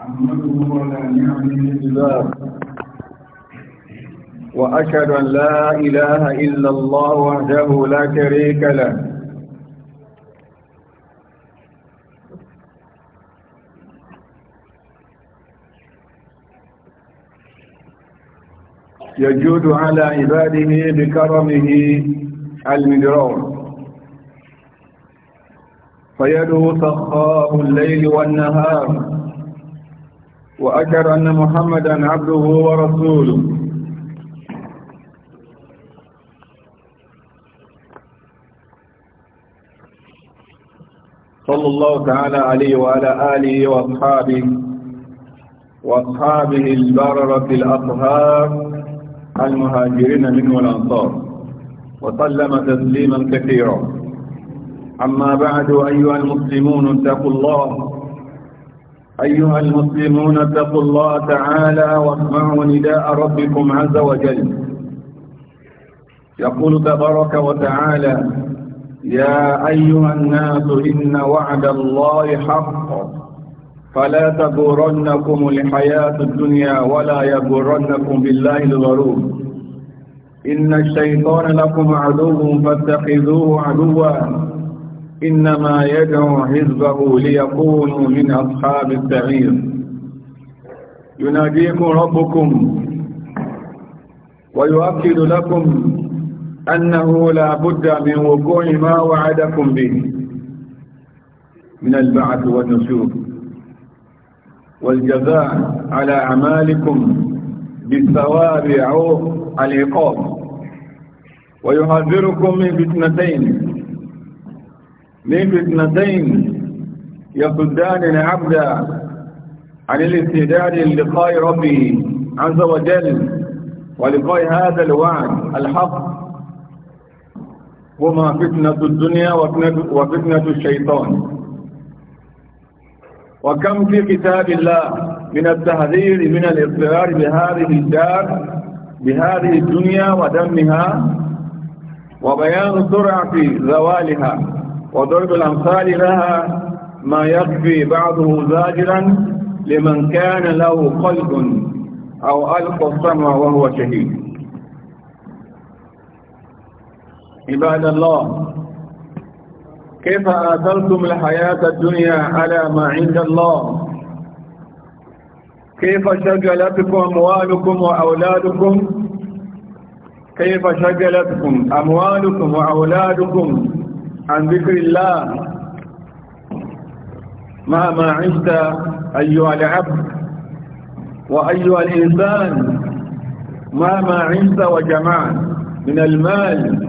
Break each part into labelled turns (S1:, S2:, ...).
S1: أحمده على نعمه الإجابة وأشهد أن لا إله إلا الله وحده لا شريك له يجود على عباده بكرمه المدرون فيده سخاء الليل والنهار وأشهد أن محمدا عبده ورسوله صلى الله تعالى عليه وعلى آله وأصحابه وأصحابه البررة الأطهار المهاجرين من الأنصار وسلم تسليما كثيرا أما بعد أيها المسلمون اتقوا الله أيها المسلمون اتقوا الله تعالى واسمعوا نداء ربكم عز وجل يقول تبارك وتعالى يا أيها الناس إن وعد الله حق فلا تغرنكم الحياة الدنيا ولا يغرنكم بالله الغرور إن الشيطان لكم عدو فاتخذوه عدوا إنما يدعو حزبه ليكونوا من أصحاب السعير يناديكم ربكم ويؤكد لكم أنه لا بد من وقوع ما وعدكم به من البعث والنشور والجزاء على أعمالكم بالثواب أو العقاب ويحذركم من فتنتين من فتنتين يصدان العبد عن الاستعداد للقاء ربه عز وجل ولقاء هذا الوعد الحق هما فتنة الدنيا وفتنة الشيطان وكم في كتاب الله من التحذير من الاضطرار بهذه الدار بهذه الدنيا ودمها وبيان سرعة زوالها وضرب الأمثال لها ما يكفي بعضه زاجرا لمن كان له قلب أو ألقى السمع وهو شهيد عباد الله كيف آثرتم الحياة الدنيا على ما عند الله كيف شجلتكم أموالكم وأولادكم كيف شجلتكم أموالكم وأولادكم عن ذكر الله مهما عشت أيها العبد وأيها الإنسان مهما عشت وجمعت من المال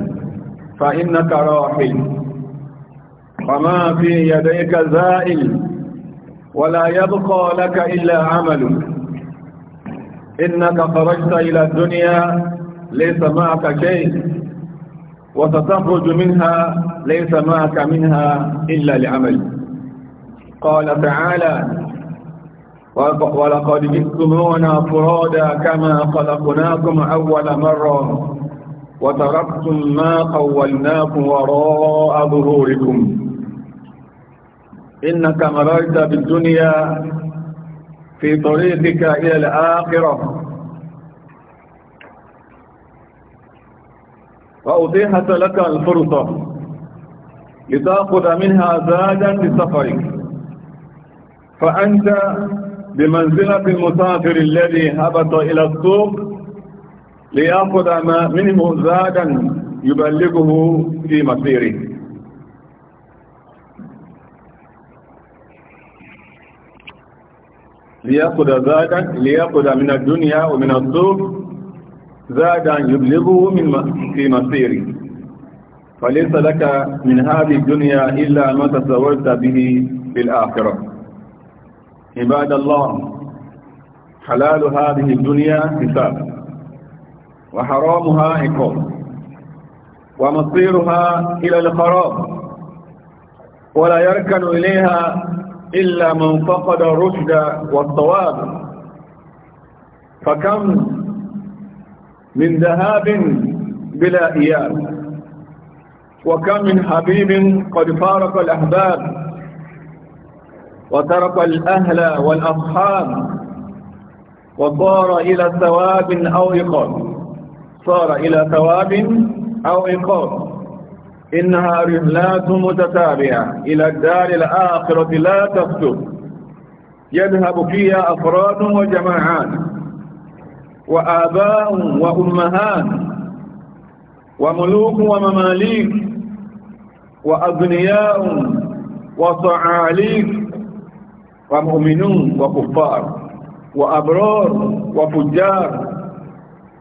S1: فإنك راحل وما في يديك زائل ولا يبقى لك إلا عملك إنك خرجت إلى الدنيا ليس معك شيء وستخرج منها ليس معك منها إلا لعمل قال تعالى ولقد جئتمونا فرادا كما خلقناكم أول مرة وتركتم ما قولناكم وراء ظهوركم إنك مررت بالدنيا في طريقك إلى الآخرة وأتيحت لك الفرصة لتأخذ منها زادا لسفرك فأنت بمنزلة المسافر الذي هبط إلى السوق ليأخذ ما منه زادا يبلغه في مسيره ليأخذ زادا ليأخذ من الدنيا ومن السوق زادا يبلغه من في مسيره فليس لك من هذه الدنيا إلا ما تزوجت به في الآخرة عباد الله حلال هذه الدنيا حساب وحرامها عقاب ومصيرها إلى الخراب ولا يركن إليها إلا من فقد الرشد والصواب فكم من ذهاب بلا إياب وكم من حبيب قد فارق الأحباب وترك الأهل والأصحاب وصار إلى ثواب أو إقاب صار إلى ثواب أو إقاب إنها رحلات متتابعة إلى الدار الآخرة لا تفتر يذهب فيها أفراد وجماعات وآباء وأمهات وملوك ومماليك وأغنياء وصعاليك ومؤمنون وكفار وأبرار وفجار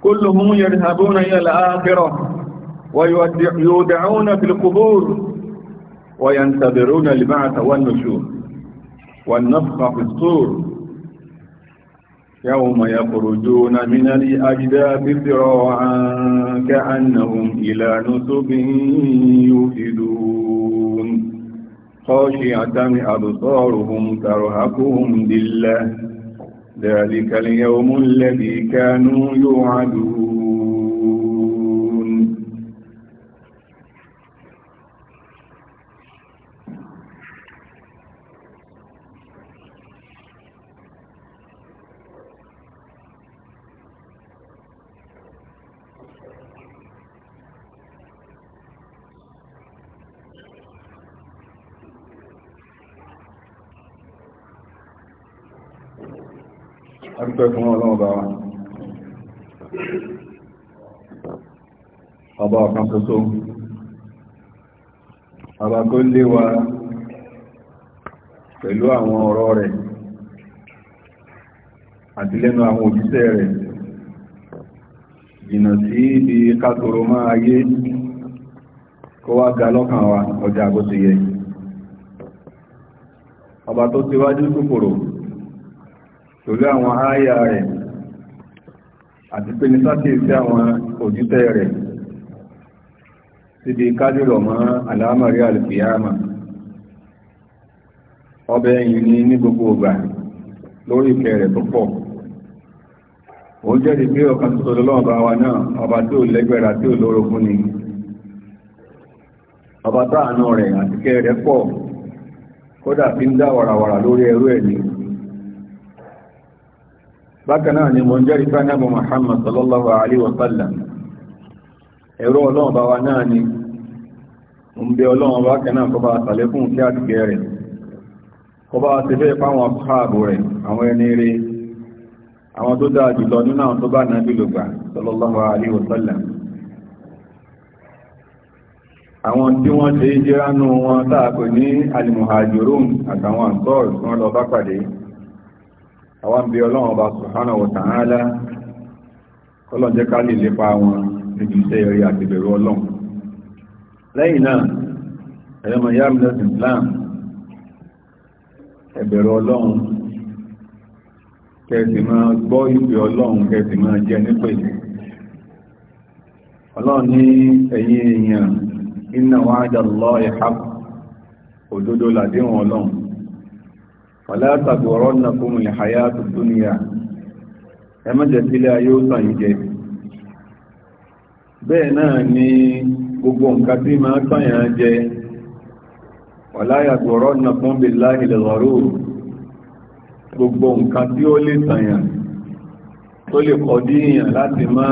S1: كلهم يذهبون إلى الآخرة ويودعون في القبور وينتظرون البعث والنشور والنفخ في الصور يوم يخرجون من الأجداث ذراعا كأنهم إلى نسب يوفدون خاشعة أبصارهم ترهقهم ذلة ذلك اليوم الذي كانوا يوعدون adúpẹ́ fún ọlọ́run bá wa ọba ọ̀kan ṣoṣo wa pẹ̀lú àwọn ọ̀rọ̀ rẹ̀ àti lẹ́nu àwọn rẹ̀ sí ibi kàtòrò máa ayé kó wá ga lọ́kàn ọjà bó yẹ ọba tó ti pẹ̀lú àwọn ááyà rẹ̀ àti pé ní sákèsí àwọn òjútẹ́ rẹ̀ síbi kádìrọ̀ mọ́ àlámàrí àlùfíàmà ọbẹ̀ ẹ̀yìn ní ní gbogbo ọgbà lórí ìfẹ́ rẹ̀ tó pọ̀ ó jẹ́rìí pé ọ̀kan tó tọ́lọ́ wa náà ọba tí ò lẹ́gbẹ̀rà tí ò fún ni ọba táànù rẹ̀ àti kẹ́ rẹ̀ pọ̀ kódà fi ń dá wàràwàrà lórí ẹrú bákan náà ni mo ń jẹ́rìí fún anábọ̀ Muhammad sallallahu alayhi wa sallam ẹ̀rọ ọlọ́run bá wa náà ni mo ń bẹ ọlọ́run bákan náà kó bá sàlékún kí àtìkẹ́ rẹ̀ kó ti bẹ́ẹ̀ fáwọn àbúrò rẹ̀ àwọn ẹni àwọn bí ọlọ́run ọba subhanahu wa ta'ala kọ́lọ̀n jẹ́ ká lè lépa wọn níbi iṣẹ́ eré àti ìbẹ̀rù ọlọ́run lẹ́yìn náà ẹ̀yọ́mọ̀ yá mílẹ̀ islam ẹ̀bẹ̀rù kẹsì máa gbọ́ kẹsì jẹ fàlá tàbọ̀rọ̀ nà fún ilẹ̀ àyà tuntun ni à ẹ má jẹ́ sílẹ̀ ayé ó tàn yìí jẹ bẹ́ẹ̀ náà ni gbogbo nǹkan tí máa tàn yàn jẹ wàlá yàtọ̀rọ̀ nà fún bìlá ilẹ̀ gbogbo nǹkan tí ó lè tàn tó lè kọ díyàn láti má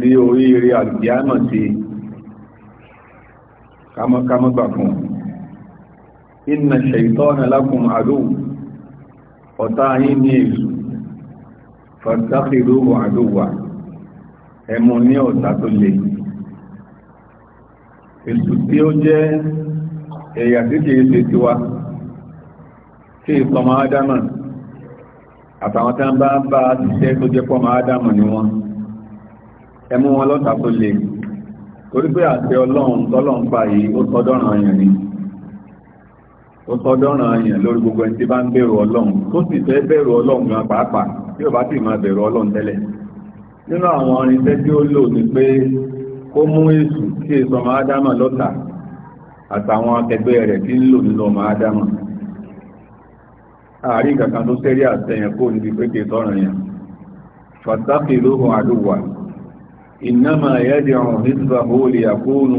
S1: rí oríire àlùkìyàmọ̀ sí kámọ́kámọ́ gbà fún un inna ṣaitọ́nà lakum àdó ọ̀tá yín ní èṣù fàtàkìrò àdó wà ẹmọ ní ọ̀tá tó lè èṣù tí ó jẹ́ ẹ̀yà tí kìí ṣe tiwa tí ìsọmọ ádámà àtàwọn tán bá bá ṣiṣẹ́ tó jẹ́ pọ́mọ ádámà ni wọ́n ẹmú wọn lọ́tà tó lè torí pé àṣẹ ọlọ́run tọ́lọ́run yìí ó sọdọ́ràn àyàn ni ó sọdọ́ràn àyàn lórí gbogbo ẹni tí bá ń bẹ̀rù ọlọ́run tó sì fẹ́ bẹ̀rù ọlọ́run gan pàápàá tí ò bá sì máa bẹ̀rù ọlọ́run tẹ́lẹ̀ nínú àwọn irinṣẹ́ tí ó lò ní pé kó mú èṣù tí èso ọmọ ádámà lọ́tà àtàwọn akẹgbẹ́ rẹ̀ tí ń lò nínú ọmọ ádámà àárín kankan tó sẹ́rí àtẹ̀yìn kó níbi pé kì í sọ̀rọ̀ yẹn fàtàkì lóhùn àdúwà ìnáma ẹ̀yẹ́dì ọ̀rùn nígbà ó lè àkóónù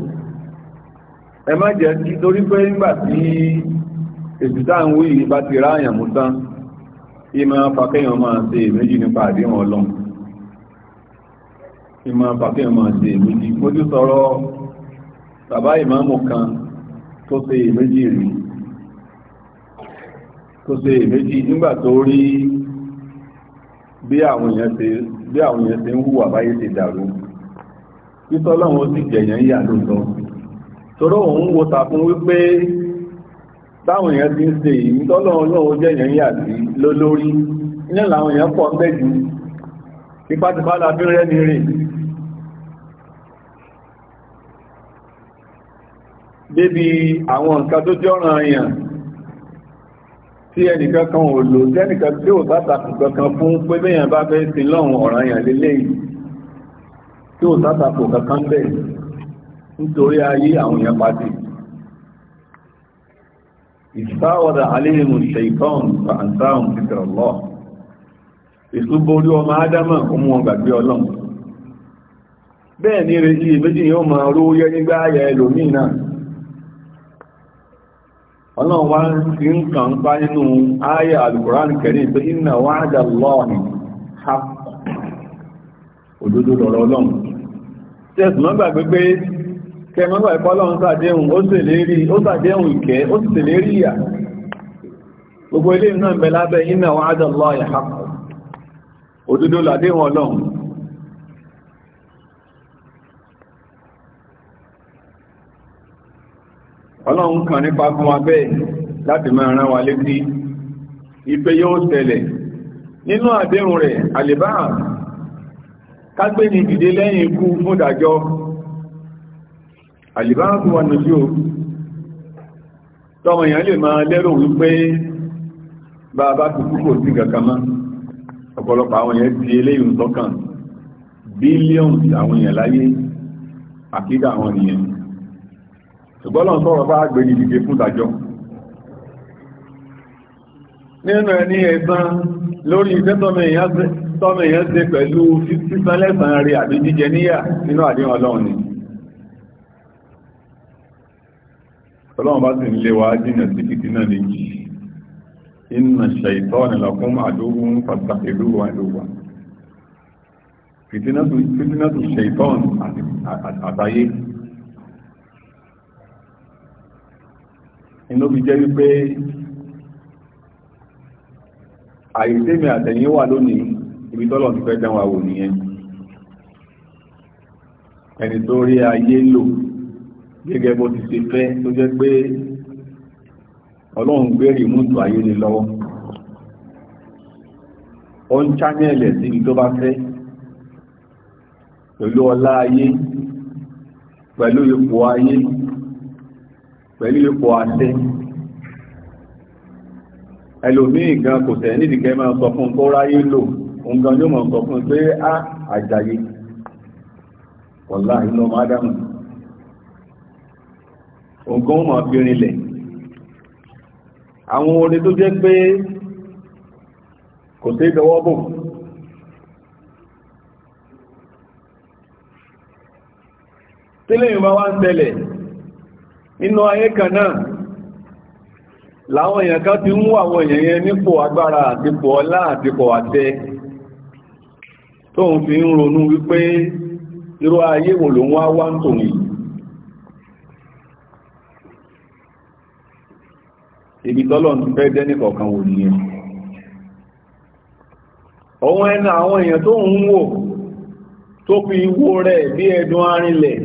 S1: ẹ má jẹ́ kí torí pé nígbà tí èsì tá à ń wí yìí bá ti ráàyàn mú tán ìmọ̀ afakẹ́yàn máa ṣe èméjì nípa àdéhùn ọlọ́run ìmọ̀ afakẹ́yàn máa ṣe èméjì mo ti sọ̀rọ̀ bàbá ìmáàmù kan tó ṣe èméjì rí tó ṣe èméjì nígbà tó rí bí àwọn èèyàn ṣe bí àwọn èèyàn ṣe ń hùwà báyé ṣe dàrú títọ́lọ́run ó sì jẹ̀yàn yà lóòótọ́ tọ́rọ òun wo tàkún wípé táwọn èèyàn ti ń ṣe yìí tọ́lọ́ ọlọ́run jẹ́ èèyàn yà sí lólórí iná làwọn èèyàn pọ̀ ń bẹ̀ jù tipátipá la fi rẹ́ ni rìn débi àwọn nǹkan tó jẹ́ ọ̀ràn èèyàn tí ẹnìkan kan ò lò tẹ́nìkan tí ò sátàkùn kankan fún pé béèyàn bá fẹ́ sin lọ́run ọ̀ràn èèyàn lélẹ́yìn tí ò sátàkùn kankan bẹ́ẹ̀ nítorí ayé àwọn èèyàn pàdé ìsáwọ̀dà aléhìmù ṣeìtọ́n fàǹsáhùn títẹ̀rọ̀lọ́ ìsúborí ọmọ ádámà ọmọ ọgbàgbé ọlọ́run bẹ́ẹ̀ ni rẹ̀ méjì yóò máa ró yẹ nígbà ayẹ ẹlòmí náà ọlọ́run wá sí ń kàn pa nínú ayẹ kẹrin pé iná wá dà ha òdodo pé kẹmọ́gbà ìpọ́lọ́run sàdéhùn ó sèlérí ó sàdéhùn ìkẹ́ ó sì sèlérí ìyà gbogbo ilé náà bẹ lábẹ́ iná wọn ádọ́lọ́ ìhà làdéhùn ọlọ́run ọlọ́run kan nípa fún wa bẹ́ẹ̀ láti máa rán wa létí yóò nínú àdéhùn rẹ̀ àlèbáà kágbé àlìbáàbù wà ní yóò tọ́mọ èèyàn lè máa lérò wípé bá a bá ti kú kò sí kankanmá ọ̀pọ̀lọpọ̀ àwọn èèyàn ti eléyìí tọ́kàn bílíọ̀nù àwọn èèyàn láyé àkídà àwọn èèyàn ṣùgbọ́n lọ́n sọ̀rọ̀ bá gbé ní ìdíje fún ìdájọ́ nínú ẹni ẹ̀san lórí iṣẹ́ tọ́mọ èèyàn ṣe pẹ̀lú sísan lẹ́san rẹ̀ àbí jíjẹ níyà nínú àdéhùn ọlọ́run ni ọlọ́run bá sì ń lé wa jìnà sí fìtínà méjì inna shaytana lakum aduwwun fattakhidhuhu aduwwa fìtínà tó shaytan àtàyé inú fi jẹ́ wípé àìsèmi àtẹ̀yìn wà lónìí ibi tọ́lọ̀ ti fẹ́ dánwà wò nìyẹn ẹni tó rí ayé lò gẹ́gẹ́ bó ti ṣe fẹ́ tó jẹ́ pé ọlọ́run gbérí mútu ayé ni lọ́wọ́ ó ń chánẹ́ẹ̀lẹ̀ síbi tó bá fẹ́ pẹ̀lú ọlá ayé pẹ̀lú ipò ayé pẹ̀lú ipò àṣẹ ẹlòmíì gan kò tẹ̀ nídìíkẹ́ máa sọ fún kó ráyé lò òun gan yóò máa sọ fún pé á àjàyè ọ̀la ìlú ọmọ ádámù nǹkan ó máa fi rinlẹ̀ àwọn orin tó jẹ́ pé kò sí ìdọwọ́ bò tílé ìwà wá ń tẹ́lẹ̀ nínú ayé kan náà láwọn èèyàn kan ti ń wú àwọn èèyàn yẹn nípò agbára àtipò ọlá àtipò àtẹ tóun fi ń ronú wípé irú ayé wò ló ń wá wá ń tòun yìí ibi tọ́lọ̀ ti fẹ́ dẹ́ nìkọ̀ọ̀kan wò ní ẹ̀ ọ̀wọ́n ẹnu àwọn èèyàn tó ń wò tó fi wó rẹ̀ bí ẹ̀dùn arìnlẹ̀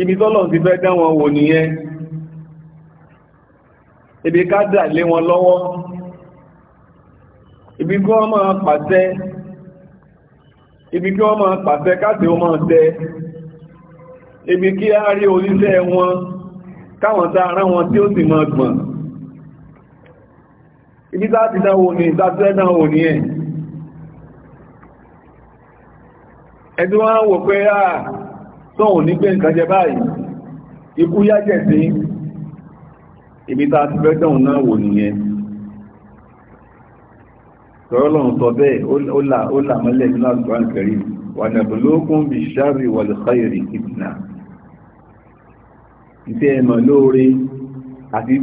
S1: ibi tọ́lọ̀ ti fẹ́ dẹ́ wọn wò ní ẹ̀ ibi ká dà lé wọn lọ́wọ́ ibi kí wọ́n máa pàṣẹ ibi kí wọ́n máa pàṣẹ káàtì ó máa tẹ ibi kí á rí oníṣẹ́ wọn káwọn tá ara wọn tí ó sì máa gbọ̀n ibi láti dánwò ní ìdájẹ́ dánwò ní ẹ̀ ẹ̀dí wọ́n wò pé à tóhùn ní pé nǹkan jẹ báyìí ikú yájẹ̀ sí ibi tá ti fẹ́ dánwò náà wò nìyẹn tọ́rọlọ́run sọ bẹ́ẹ̀ ó là mọ́lẹ̀ nínú àgbà ìtẹ́ ẹ̀mọ̀ lóore àti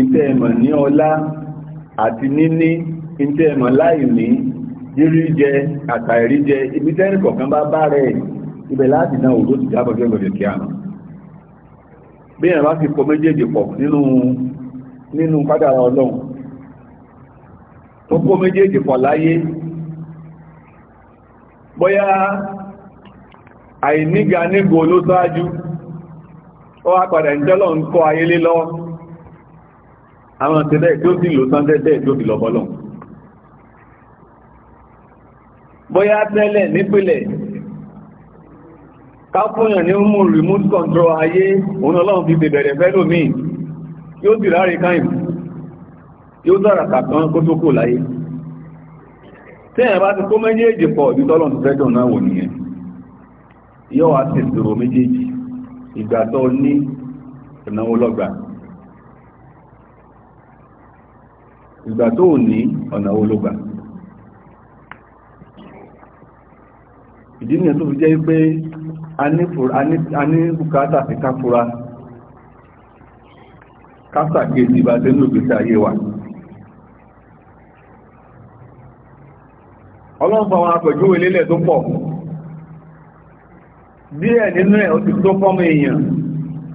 S1: ìtẹ́ ẹ̀mọ̀ ní ọlá àti níní ìtẹ́ ẹ̀mọ̀ láìní jíríjẹ àtàìríjẹ ibi tẹ́rì kọ̀ọ̀kan bá bá rẹ̀ ibẹ̀ láti dán òjò ti jábọ̀ jẹ́ kí bí ẹ̀rọ bá kọ méjèèjì pọ̀ nínú nínú ọlọ́run tó kó méjèèjì pọ̀ láyé bóyá àìníga nígbò ló sáájú ó padà ń àwọn ti bẹ́ẹ̀ tí ó sì lò tán tẹ́tẹ́ tí ó fi lọ bọ́lọ̀ bóyá tẹ́lẹ̀ nípìnlẹ̀ káfúnyàn ní mú remote control ayé òun ọlọ́run fi bẹ̀rẹ̀ fẹ́ lómi yóò sì ráre káyìn yóò dára kàkan kó tó kò láyé tẹ́yìn bá ti kó méjèèjì pọ̀ ju tọ́lọ̀ ti fẹ́ dùn náà wò nìyẹn yóò wá sí ìṣòro méjèèjì ìgbà tó ní ìnáwó lọ́gbàá ìgbà tó ò ní ọ̀nà ológa. ìdí tó fi jẹ́ pé a ní bukata sí káfúra bá tẹ́ ayé wa ọlọ́pàá wọn àpẹjúwe lélẹ̀ tó pọ̀ díẹ̀ nínú ẹ̀ ó ti tó èèyàn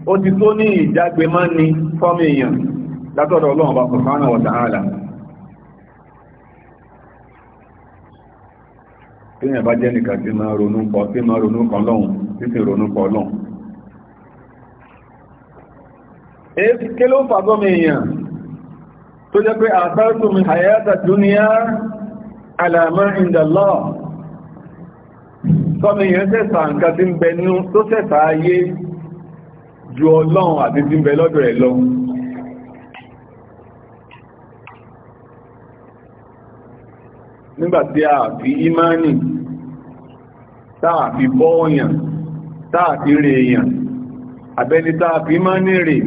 S1: ó ti tó ní ìjágbe látọ̀dọ̀ ọlọ́run bá subhanahu wa ta'ala tíyàn bá jẹ́ nìkan tí máa ronú pọ̀ tí máa ronú kan lọ́hùn tí sì ronú pọ̀ lọ́hùn kí ló ń fàgọ́ mi èèyàn tó jẹ́ pé àtàrùtù mi hayata dúníà alàmà ìdàlọ́ sọ́mi èèyàn sẹ́sà nǹkan tí ń bẹ nú tó sẹ́sà ayé ju ọlọ́run àti tí ń bẹ lọ́dọ̀ ẹ̀ lọ́hùn nígbà tí a fi ìmánì táà fi bọ́ òyàn táà fi rè èyàn àbẹ́ni táà fi ìmánì rè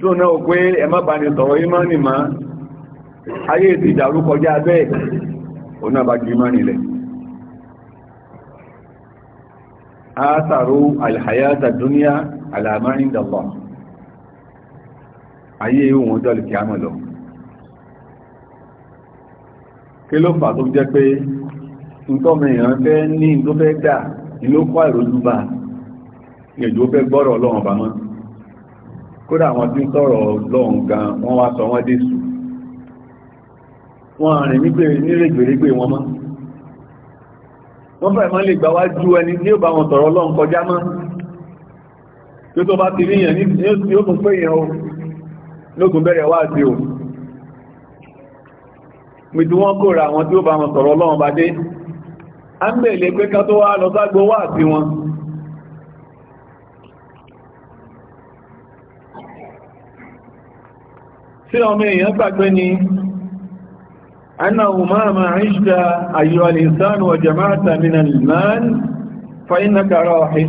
S1: tó náà ó pé ẹ má bá ní sọ̀rọ̀ ìmánì má ayé ti dàrú kọjá bẹ́ẹ̀ òun náà bá ju ìmánì lẹ̀ átàrú alhayata duniya alama inda Allah ayé kí ló fà tó jẹ́ pé ntọ́mọ èèyàn fẹ́ ní tó fẹ́ dà ló kọ́ àìrójúbà ìjọ fẹ́ gbọ́rọ̀ ọlọ́run bá mọ́ kódà àwọn tí ń sọ̀rọ̀ ọlọ́run gan wọ́n wá sọ wọ́n dé sùn wọ́n rìn nígbè nírègbèrègbè wọn mọ́ wọ́n fẹ́ mọ́ lè gbà wá ju ẹni tí ó bá wọn sọ̀rọ̀ ọlọ́run kọjá mọ́ tó tó bá ti ríyàn ní ó tún pé èèyàn o lókun bẹ̀rẹ̀ wá sí o mìtí wọ́n kóra àwọn tí ó bá wọn sọ̀rọ̀ ọlọ́run bá dé a ń bèèlè pé ká tó wá lọ ságbó wà sí wọn tí ọmọ èèyàn gbàgbé ni annahu ma ma ishta ayyuha al-insan wa jama'ata min al-mal fa innaka rahih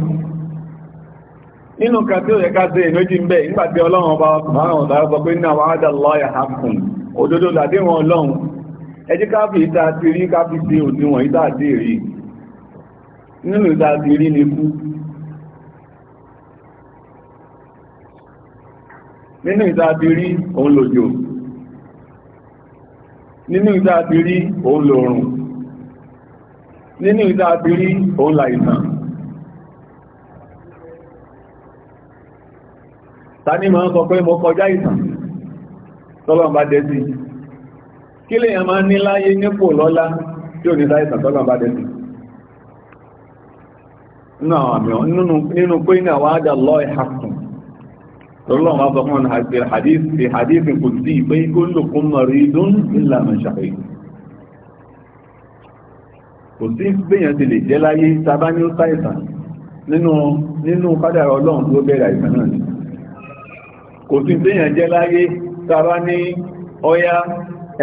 S1: nínú kan tí ó yẹ ká ṣe ìmẹ́jì ń bẹ nígbàtí ọlọ́run ọba ọkùnrin àwọn ọ̀dá sọ pé ní àwọn àádà lọ́yà hapun òdodo làdé ọlọ́run ẹjí káfí ìta ti rí káfí sí òdiwọ̀n ìta àti rí nínú ìta àti rí ní kú nínú ìta àti rí òun lòjò nínú ìta àti rí òun lòrùn nínú ìta àti rí òun làìsàn ta ni máa ń sọ pé mo kọjá ìsàn tọ́lọ́mbà dẹ́sí kí lè yàn máa ní láyé nípò lọ́lá tí ò ní sáìsàn tọ́lọ̀ bá dẹ̀ sí nínú pé ní àwọn àdà lọ ìhàkùn lọ́lọ́wọ́ bá sọ fún àti hadith kò sí pé kó ń lò fún maridun illa man shahi kò sí gbéyàn ti lè jẹ́ láyé sábá ní sáìsàn nínú kádàrà ọlọ́run tó bẹ̀rẹ̀ àìsàn náà kò sí gbéyàn jẹ́ láyé sábá ní ọya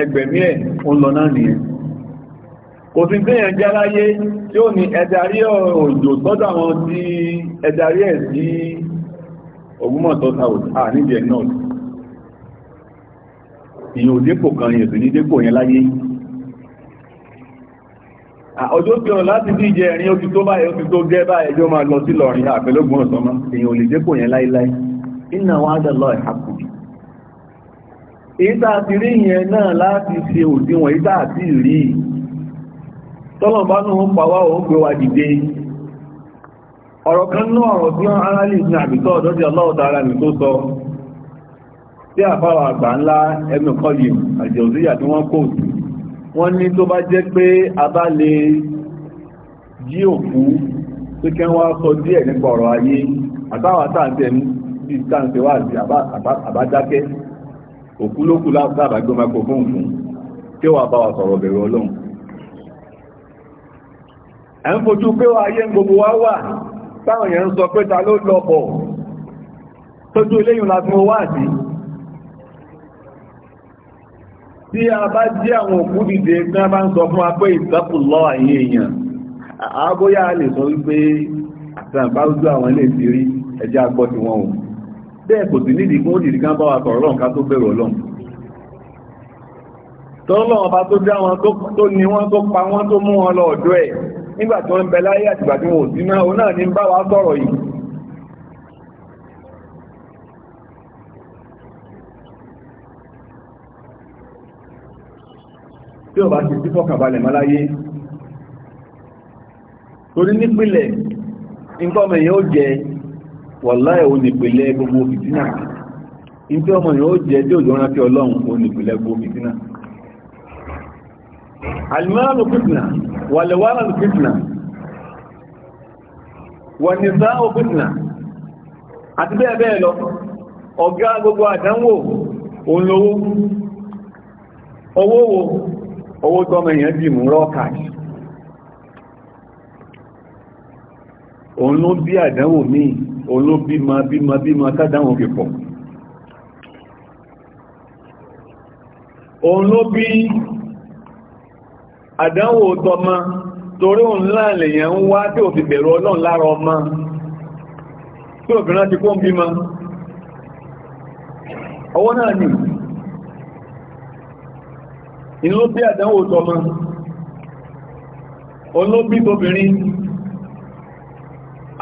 S1: ẹgbẹ̀mí ẹ̀ ń lọ náà nìyẹn kò sí tí yẹn jẹ́ láyé tí ó ní ẹ̀dàrí òjò sọ́dọ̀ àwọn tí ẹ̀dàrí ẹ̀ sí Ògbómọ̀ṣọ́ south à nídìí ẹ̀ north ìyẹn òdépò kan yẹn sì ní dépò yẹn láyé ọjọ́ tí ọ̀rọ̀ láti bí ìjẹ ẹ̀rin oṣù tó báyẹ̀ oṣù tó gẹ́ báyẹ̀ jọ máa lọ sí lọ́rin àpẹlógún ọ̀sán mọ́ èyàn ò dépò yẹn láíláí iná wá dà lọ ẹ̀hàkùnrin ìta ti rí yẹn náà láti ṣe òdiwọ̀n ìta àti rí tọ́lọ̀bánú pàwà òun pè wà dìde ọ̀rọ̀ kan náà ọ̀rọ̀ tí wọ́n ara lè ní àbìtọ́ ọlọ́ọ̀ta ara tó sọ tí àfáwà àgbà ńlá ẹnu tí wọ́n wọ́n ní tó bá jẹ́ pé a bá lè jí òkú kẹ́ wá sọ díẹ̀ nípa ọ̀rọ̀ ayé àbáwà táǹtẹ̀ ní táǹtẹ̀ òkú ló kù láàbà gbé microphone fún tí ó wà bá wa sọ̀rọ̀ bẹ̀rù ọlọ́run ẹ̀ ń fojú pé wà ayé gbogbo wa wà táwọn èèyàn ń sọ pé ta ló lọ bọ̀ tójú eléyìn láti mọ wá sí tí a bá jí àwọn òkú dìde tí wọ́n bá ń sọ fún wa pé lọ àyè èèyàn àbóyá lè sọ wípé àti àbáwùjú àwọn ilé ìfìrí ẹjẹ́ agbọ́ ti wọn o bẹ́ẹ̀ kò sí nídìí kún òdìdí kan bá wa sọ̀rọ̀ lọ́nà ká tó bẹ̀rù ọlọ́run tọ́lọ́ ọba tó dá wọn tó ní wọn tó pa wọn tó mú wọn lọ ọ̀dọ̀ ẹ̀ nígbà tó ń bẹ láyé àtìgbà tí wọn ò sí náà náà ní bá wa sọ̀rọ̀ yìí tí ọba ti sí fọ́kàbalẹ̀ máláyé torí nípìnlẹ̀ nǹkan ọmọ èèyàn ó jẹ wàlá ẹ̀wọ̀n nìpìlẹ̀ gbogbo fìtínà tí ọmọ yìí ó jẹ́ tí òjò rántí ọlọ́run ó nìpìlẹ̀ gbogbo fìtínà wàlẹ̀wàlà fìtínà wàlẹ̀wàrànù fìtínà wọ̀nìsáàwò fìtínà àti bẹ́ẹ̀ bẹ́ẹ̀ lọ ọgá gbogbo àdánwò òun lówó owó wo owó èèyàn mú òun ló bí àdánwò míì òun ló pọ̀ òun ló bí àdánwò tọmọ torí òun láàlẹ̀ yẹn ń wá tí ò fi bẹ̀rù ọlọ́run lára ti kó ń ma ọwọ́ náà nì inú bí àdánwò tọmọ òun ló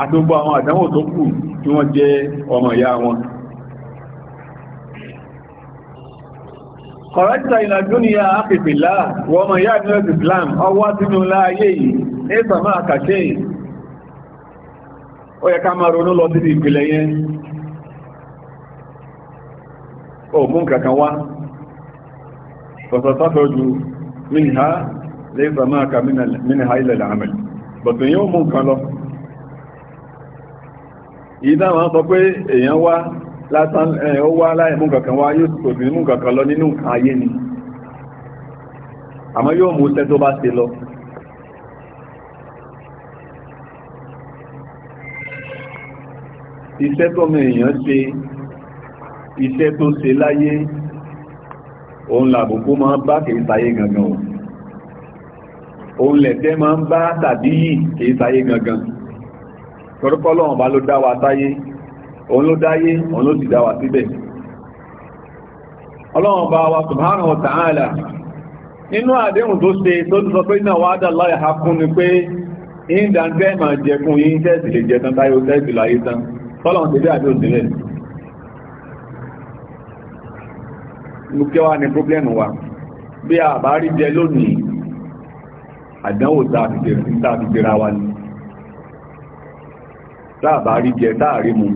S1: àti gbogbo àwọn àdánwò tó kù tí wọ́n jẹ́ ọmọ ìyá wọn kọ̀rẹ́tà ìlàdúnìyà àfìfìlá wọ́n mọ̀ yá ní ọdún Islam ọwọ́ sínú láàyè yìí ní sàmà àkàṣẹ́ yìí ó yẹ ká máa ronú lọ sí ìpìlẹ̀ yẹn ògùn kankan wá sọ̀sọ̀sọ́fẹ́ ojú mìnìhá lè sàmà àkà mìnìhá ilẹ̀ làmì bọ̀tún yóò mú nǹkan lọ èyí táwọn sọ pé èèyàn wá lásán ó wá láì mú kankan wá yóò kò sí mú kankan lọ nínú nǹkan ayé ni àmọ́ yóò mú iṣẹ́ tó bá ṣe lọ iṣẹ́ tọ́mọ èèyàn ṣe iṣẹ́ tó ṣe láyé òun làbùkú máa bá kìí sáyé gangan òun lẹ̀tẹ́ máa ń bá tàbí yìí kìí sáyé gangan torúkọ́ lọ́wọ́n bá ló dá wa táyé òun ló dáyé òun ló sì dá wa síbẹ̀ wa subhanahu wa ta'ala nínú àdéhùn tó ṣe tó ti sọ pé náà wá ha kún ni pé ìdàntẹ́ máa jẹ tẹ́sì lè jẹ táyé ó tẹ́sì láyé tán tọ́lọ́wọ́n táàbà rí jẹ táàrí mu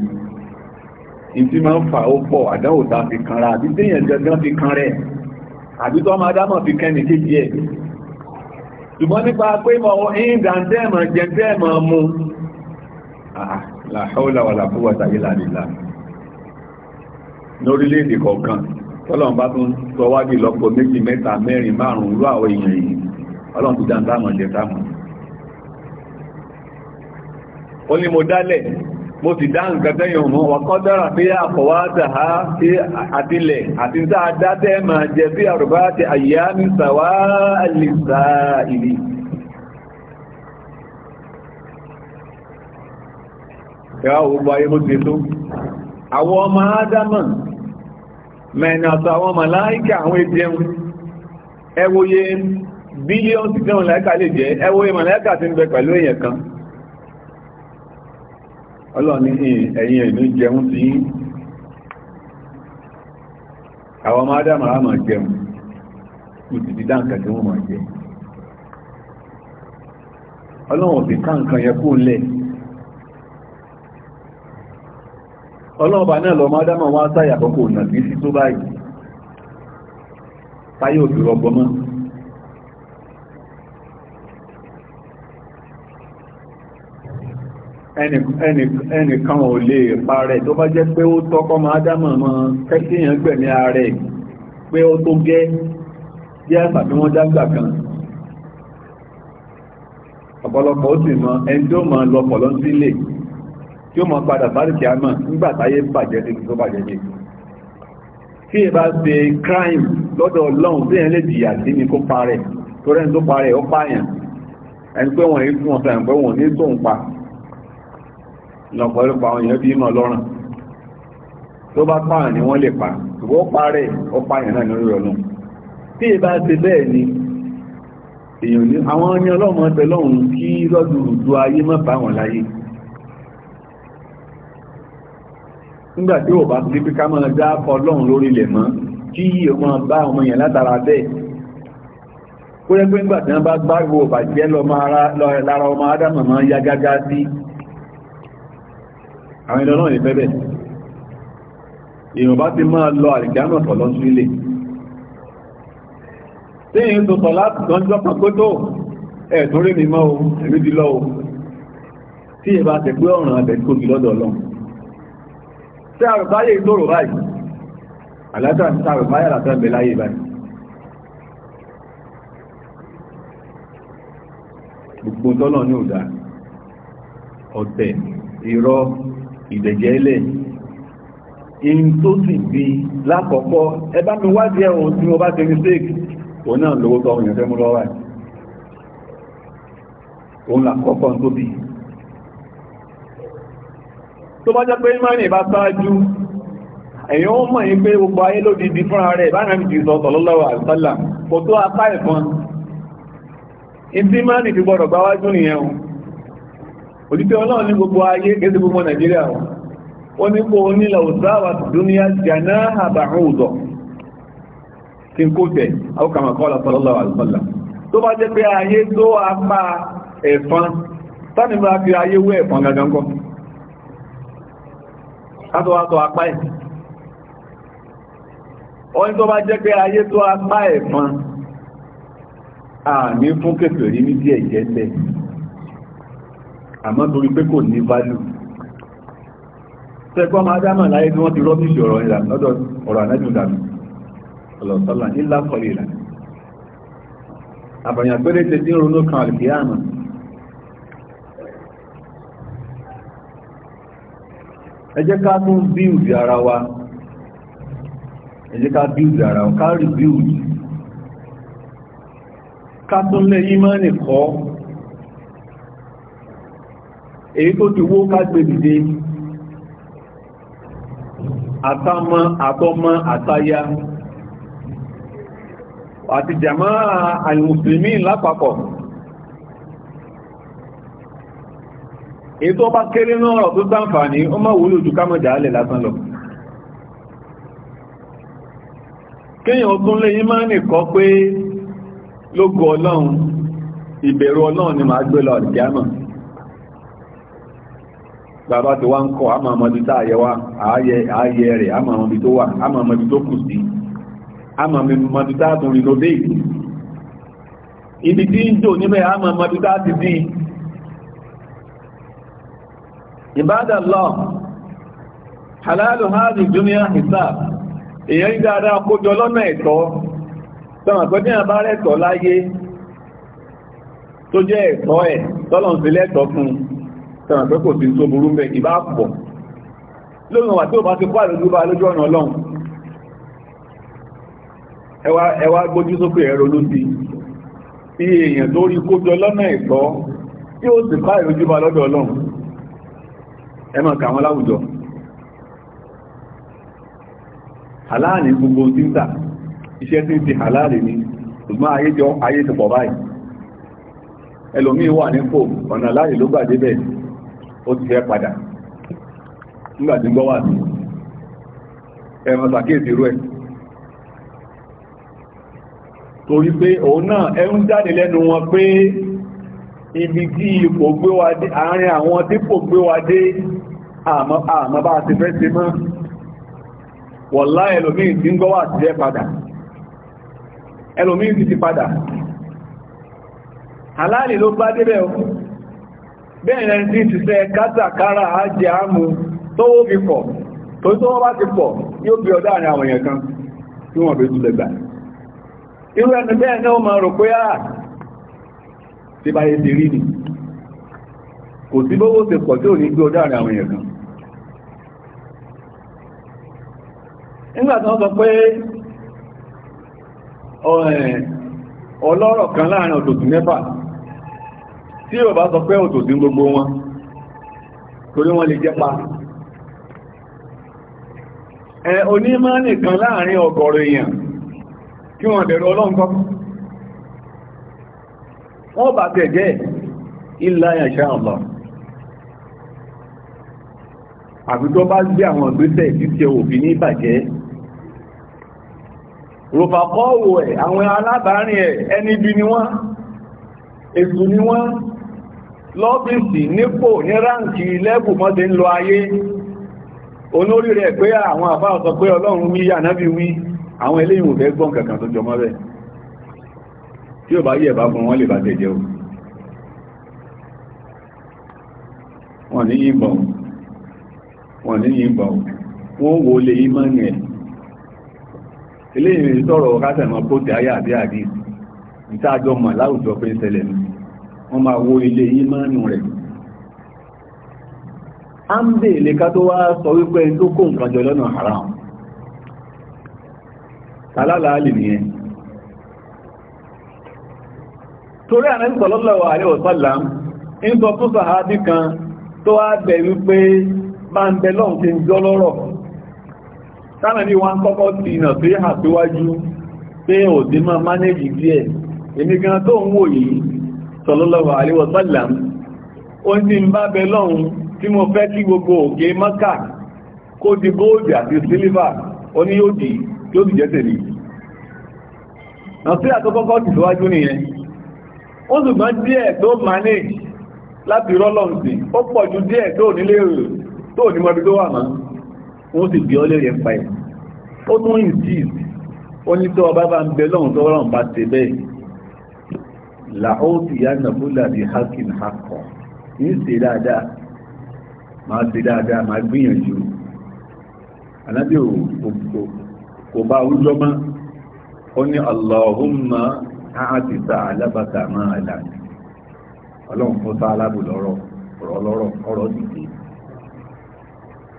S1: ìtí máa ń fa ó pọ̀ àdánwò tá fi kan ra àbí téèyàn gangan fi kan rẹ̀ àbí tó máa dámọ̀ fi kẹ́ni kéjì ẹ̀ ṣùgbọ́n nípa pé mọ̀ ìdàndẹ́mọ̀ jẹ́ndẹ́mọ̀ mu la hawla wala quwwata illa billah lórílẹ̀-èdè kọ̀ọ̀kan tọ́lọ̀n bá tún sọ wádìí lọ́pọ̀ méjì mẹ́ta mẹ́rin márùn-ún rú àwọn èèyàn yìí ọlọ́run ti dáńtà mọ̀ jẹ́ táwọn ó ní mo dálẹ̀ mo sì dá nǹkan tẹ́yìn mọ́ wàkọ́ dára pé àkọ̀wá tàá sí àtilẹ̀ àti tá a dá jẹ sí àrùbá àti àyà ní sàwá àlìsà ìlì ẹ̀wà gbogbo ayé mo ti tó àwọn ọmọ ádámà mẹ́rin àtọ àwọn màláíkà àwọn ìjẹun ẹwòye bílíọ̀nù tí jẹun láìka lè jẹ ẹwòye màláíkà ti ń bẹ pẹ̀lú èèyàn kan ọlọ́ni ẹ̀yìn ẹ̀nú jẹun ti yí àwọn ọmọ adáma a máa jẹun ìtìtì dáǹkà tí wọ́n máa jẹ ọlọ́run òbí káǹkan yẹ kó lẹ̀ ọlọ́run bá náà lọ́mọ adáma wọ́n á sáyà àkọ́kọ́ ònà sí sí tó báyìí táyé òbí rọgbọmọ́ ẹnìkan ò lè parẹ̀ tó bá jẹ́ pé ó tọ́kọ́ máa dámọ̀ mọ́ kẹ́kíyàn gbẹ̀mí ààrẹ pé ó tó gẹ́ jẹ́ àtàbí wọ́n dágbà kan ọ̀pọ̀lọpọ̀ ó sì mọ ẹni tó mọ lọpọ̀ lọ sílé tí ó mọ padà bárìkì àmọ́ nígbà bàjẹ́ ní tó bàjẹ́ ní tí ẹ bá ṣe crime lọ́dọ̀ ọlọ́run tí ẹ lè jìyà sí ni kó parẹ̀ tó rẹ́ni tó parẹ̀ ó pààyàn ẹni pé wọ́n ń fún ọ̀sán ẹ̀ pé wọ́n ní tóun pa lọ́pọ̀lọpọ̀ àwọn èèyàn bí mọ̀ lọ́rùn tó bá pààrùn ni wọ́n lè pa ṣùgbọ́n parẹ́ ó pààyàn náà lórí ọlọ́run tí ìbá ti bẹ́ẹ̀ ni èèyàn ní àwọn ní ọlọ́mọ ọ̀tẹ̀ lọ́hùn kí rọ́dùrùdù ayé má bá wọn láyé nígbà tí ò bá ti pé ká máa dá akọ ọlọ́run lórí ilẹ̀ mọ́ kí ọmọ bá ọmọ yẹn látara bẹ́ẹ̀ kó yẹ pé nígbà tí wọ́n bá gbárùkù ọ̀bàjẹ́ lára ọmọ àwọn ẹni ọlọ́run ìfẹ́ bẹ̀ èèyàn bá ti máa lọ àrìkíámọ̀ sọ̀lọ́ sí ilé tí èyí tó sọ láti tọ́jọ́ pàkótó ẹ̀ẹ̀tún rí mi mọ́ o èmi ti lọ o tí èyí bá ti pé ọ̀ràn abẹ̀ tó fi lọ́dọ̀ ọlọ́run tí àrùbáyé ìtòrò báyìí àlátà ti àrùbáyé àlátà ń bẹ láyé báyìí gbogbo tọ́lọ̀ ní òdà ọ̀tẹ̀ irọ́ ìdẹ̀jẹ́lẹ̀ in tó sì bí lákọ̀ọ́kọ́ ẹ bá mi wádìí ẹ̀hùn tí mo bá ti ní sèkì o náà lówó tọ́ òyìn fẹ́ mú lọ́wọ́ ẹ̀ òun làkọ́kọ́ tó bí tó bá jẹ́ pé ìmọ̀rin ìbá sáájú èyàn ó mọ̀ yí pé gbogbo ayé ló di di fúnra rẹ̀ bára mi ti sọ tọ̀lọ́lọ́wọ́ àìsálà kò tó apá ẹ̀kan ìdí ìmọ̀rin ti gbọ́dọ̀ gbáwájú nìyẹn òdíkẹ́ ọlọ́run ní gbogbo ayé gẹ́gẹ́ gbogbo nàìjíríà wọn wọ́n ní kó onílà òsáwà dúníà jàná àbàrún òdọ̀ kí n kó tẹ̀ àwọkàmàkọ́lá sallallahu alaihi wasallam tó bá jẹ́ pé ayé tó apá ẹ̀fọn tani bá fi ayé wé ẹ̀fọn gangan kọ́ látọwátọ apá ẹ̀ wọ́n tó àmì fún kẹfẹ̀rí ní díẹ̀ jẹ́ tẹ̀ àmọ́ torí pé kò ní value tẹ́gbọ́n máa dámà láyé ni wọ́n ti rọ́bìṣì ọ̀rọ̀ ìlà lọ́dọ̀ ọ̀rọ̀ ànájú ìdàmú ọ̀lọ́sọ́là ńlá kọlì ìlà àbàyàn péré ti dín ronú kan àlùkí àmà ẹ jẹ́ ká tún bíùdì ara wa ẹ jẹ́ ká bíùdì ara wa ká rí bíùdì ká tún lé yí nìkọ́ èyí tó ti wó kágbé dìde àtàmọ́ àtọ́mọ́ àtayá àti jàmá àìmùsùlùmí lápapọ̀ èyí tó bá kéré náà ọ̀rọ̀ tó sáǹfààní ó má wúlò jù kámọ̀jà alẹ̀ lásán lọ kíyàn tún lè máa nìkọ́ pé lógo ọlọ́run ìbẹ̀rù ni gbé lọ bàbá tó wá ń kọ́ àmọ́ ọmọdé tá wá ààyè rẹ̀ àmà ọmọdé tó wà àmọ́ ọmọdé tó kù sí ibi tí ń jò níbẹ̀ àmọ́ ọmọdé tá ti dín Ibadallah halalu hadi dunya hisab èyàn ń dáadáa kójọ lọ́nà ẹ̀tọ́ sọ́wọ́n pẹ́ láyé tó jẹ́ fún un tẹ̀wọ̀n pé kò sí tó burú mẹ́ ìbá pọ̀ lórí wà tí ó bá ti kó àlójú bá lójú ọ̀nà ọlọ́run ẹ wá gbójú sókè ẹ̀rọ ló ti bí èèyàn tó rí kójọ lọ́nà ẹ̀tọ́ tí ó sì bá ìrójú bá lọ́dọ̀ ọlọ́run ẹ mọ̀ kà wọ́n láwùjọ aláàní gbogbo tí ń tà iṣẹ́ tí ń ti aláàrí ni ṣùgbọ́n ayé jọ ayé ti pọ̀ báyìí ẹlòmíì wà nípò ọ̀nà aláàrí ló gbàdébẹ̀ ó ti fẹ́ padà nígbà tí ń gbọ́ wà sí ẹ̀rọ sàkíyèsí rú ẹ̀ torí pé òun náà ẹ̀rùn jáde lẹ́nu wọn pé ibi tí ipò gbé wa dé àárín àwọn tí kò gbé wa dé àmọ́ bá ti fẹ́ ṣe mọ́ wọ̀lá ẹlòmíì tí ń gbọ́ wà sí ẹ padà ẹlòmíì ti ti padà aláàlè ló bá débẹ̀ ọkùn bẹ́ẹ̀rẹ̀ tí ti fẹ́ kátàkárà ajé àmú tówó to pọ̀ tó tó wọ́n bá ti pọ̀ yóò bí ọdá àrin àwọn èèyàn kan tí wọ́n bí túlẹ̀ gbà irú ẹni bẹ́ẹ̀ náà máa rò pé bá yẹ ti rí ni kò sí bówó ti pọ̀ tí ò ní gbé ọdá àrin àwọn èèyàn kan nígbà wọ́n sọ pé ọlọ́rọ̀ kan láàrin ọ̀dọ̀tún mẹ́fà tí yóò bá sọ pé òtòsí gbogbo wọn torí wọ́n lè jẹ́pa ẹ onímọ̀ nìkan láàrin ọ̀gọ̀rọ̀ èèyàn kí wọ́n bẹ̀rù ọlọ́nkọ́ wọ́n bá tẹ̀jẹ́ ilá yàṣá ọ̀lọ́ àbí tó bá gbé àwọn ìgbésẹ̀ títí òfin ní ìbàjẹ́ rọ̀bàkọ́wò ẹ̀ àwọn alábàárin ẹ̀ ẹni bí ni wọ́n èsù ni wọ́n lọ́bìsì nípò ní ráǹkì lẹ́bù mọ́dé ń lọ ayé olórí rẹ̀ pé àwọn àfáà sọ pé ọlọ́run wí ànábì wí àwọn eléyìn òfẹ́ gbọ́n kankan tó jọmọ́ rẹ̀ tí ò bá yẹ̀ bá fún wọn lè bá tẹ̀jẹ́ o wọ́n ní yìnbọn wọ́n ní yìnbọn wọ́n wo lè yí mọ́ni ẹ̀ eléyìn sọ̀rọ̀ kásẹ̀mọ́ bó ti ayé láwùjọ pé ń ṣẹlẹ̀ wọ́n máa wo ilé ìmánù rẹ̀ a ń bè lè ká tó wá sọ wípé tó kó nǹkan jọ lọ́nà haram tàlálàálì nìyẹn torí Ànábì sallallahu alaihi wasallam ń sọ fún sàhábí kan tó wá bẹ̀ wípé bá ń bẹ lọ́n ti ń jọ lọ́rọ̀ tánàbí wọn kọ́kọ́ ti ìnà tó yà síwájú pé òdí máa mánéjì díẹ̀ èmi gan tó ń wò yìí sallallahu alaihi wasallam ó ti ń bá bẹ lọ́hun tí mo fẹ́ kí gbogbo òkè mọ́kà kó di góòdì àti sílífà ó ní yóò dì yóò dì jẹ́ tèmi nàìjíríà tó kọ́kọ́ ti síwájú nìyẹn ó ṣùgbọ́n díẹ̀ tó manage láti rọ́lọ́ǹsì ó pọ̀ ju díẹ̀ tó nílé rẹ̀ tó ní mọ́bí tó wà mọ́ wọ́n sì bí ọlẹ́rẹ̀ ń pa ẹ̀ ó tún insist ó ní tó ọba bá ń bẹ lọ́hùn tó rọrùn bá ṣe bẹ́ẹ̀ làóòtì yá nà kúlà bí hakim hakọ̀ ní ṣe dáadáa máa ṣe dáadáa ma gbìyànjú anábì ko ba wujo ma ó ni allahumma àti sa alábàtà máa ala ọlọ́run fún sa alábò lọ́rọ̀ ọ̀rọ̀ lọ́rọ̀ ọ̀rọ̀ dìde